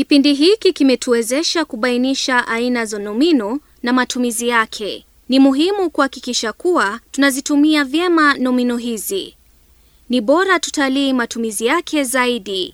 Kipindi hiki kimetuwezesha kubainisha aina za nomino na matumizi yake. Ni muhimu kuhakikisha kuwa tunazitumia vyema nomino hizi. Ni bora tutalii matumizi yake zaidi.